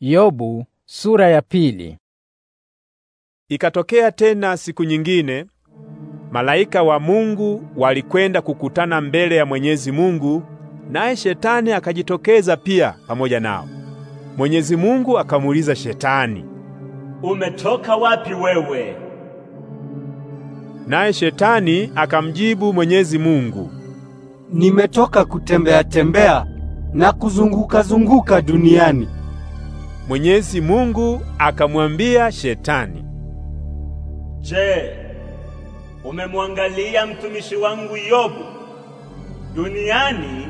Yobu sura ya pili. Ikatokea tena siku nyingine malaika wa Mungu walikwenda kukutana mbele ya Mwenyezi Mungu, naye Shetani akajitokeza pia pamoja nao. Mwenyezi Mungu akamuuliza Shetani, umetoka wapi wewe? Naye Shetani akamjibu Mwenyezi Mungu, nimetoka kutembea tembea na kuzunguka zunguka duniani Mwenyezi Mungu akamwambia Shetani, Je, umemwangalia mtumishi wangu Yobu? Duniani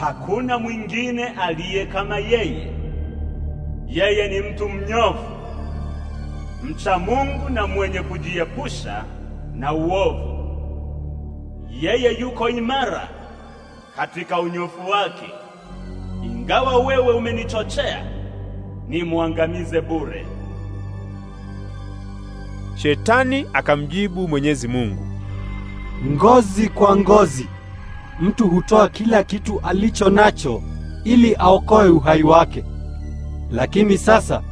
hakuna mwingine aliye kama yeye. Yeye ni mtu mnyofu, mcha Mungu na mwenye kujiepusha na uovu. Yeye yuko imara katika unyofu wake. Ingawa wewe umenichochea nimwangamize bure. Shetani akamjibu Mwenyezi Mungu, ngozi kwa ngozi, mtu hutoa kila kitu alicho nacho ili aokoe uhai wake. Lakini sasa,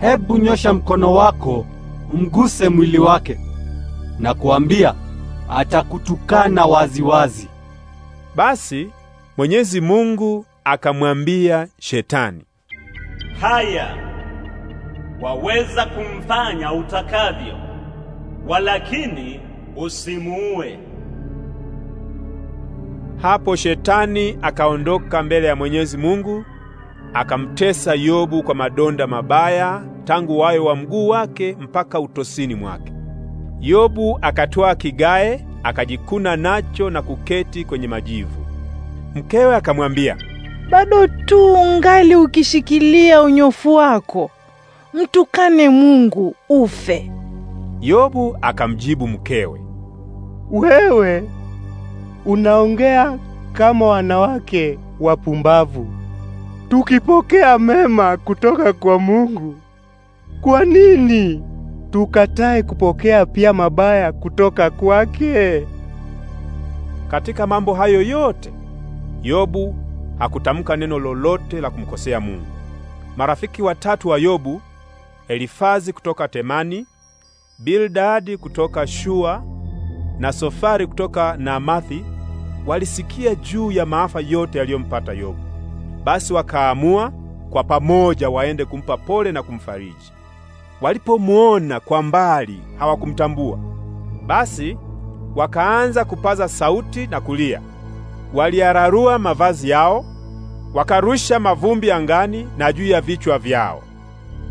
hebu nyosha mkono wako umguse mwili wake, na kuambia atakutukana waziwazi. Basi Mwenyezi Mungu akamwambia Shetani, haya, waweza kumfanya utakavyo, walakini usimuue. Hapo shetani akaondoka mbele ya Mwenyezi Mungu, akamtesa Yobu kwa madonda mabaya tangu wayo wa mguu wake mpaka utosini mwake. Yobu akatoa kigae akajikuna nacho na kuketi kwenye majivu. Mkewe akamwambia bado tu ungali ukishikilia unyofu wako, mtukane Mungu ufe. Yobu akamjibu mkewe, wewe unaongea kama wanawake wapumbavu. Tukipokea mema kutoka kwa Mungu, kwa nini tukatae kupokea pia mabaya kutoka kwake? Katika mambo hayo yote Yobu hakutamka neno lolote la kumkosea Mungu. Marafiki watatu wa Yobu, Elifazi kutoka Temani, Bildadi kutoka Shua na Sofari kutoka Naamathi walisikia juu ya maafa yote yaliyompata Yobu. Basi wakaamua kwa pamoja waende kumpa pole na kumfariji. Walipomuona kwa mbali hawakumtambua, basi wakaanza kupaza sauti na kulia waliararua mavazi yao, wakarusha mavumbi angani na juu ya vichwa vyao.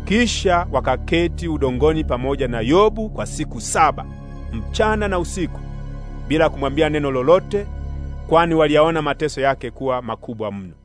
Kisha wakaketi udongoni pamoja na Yobu kwa siku saba mchana na usiku bila kumwambia neno lolote, kwani waliyaona mateso yake kuwa makubwa mno.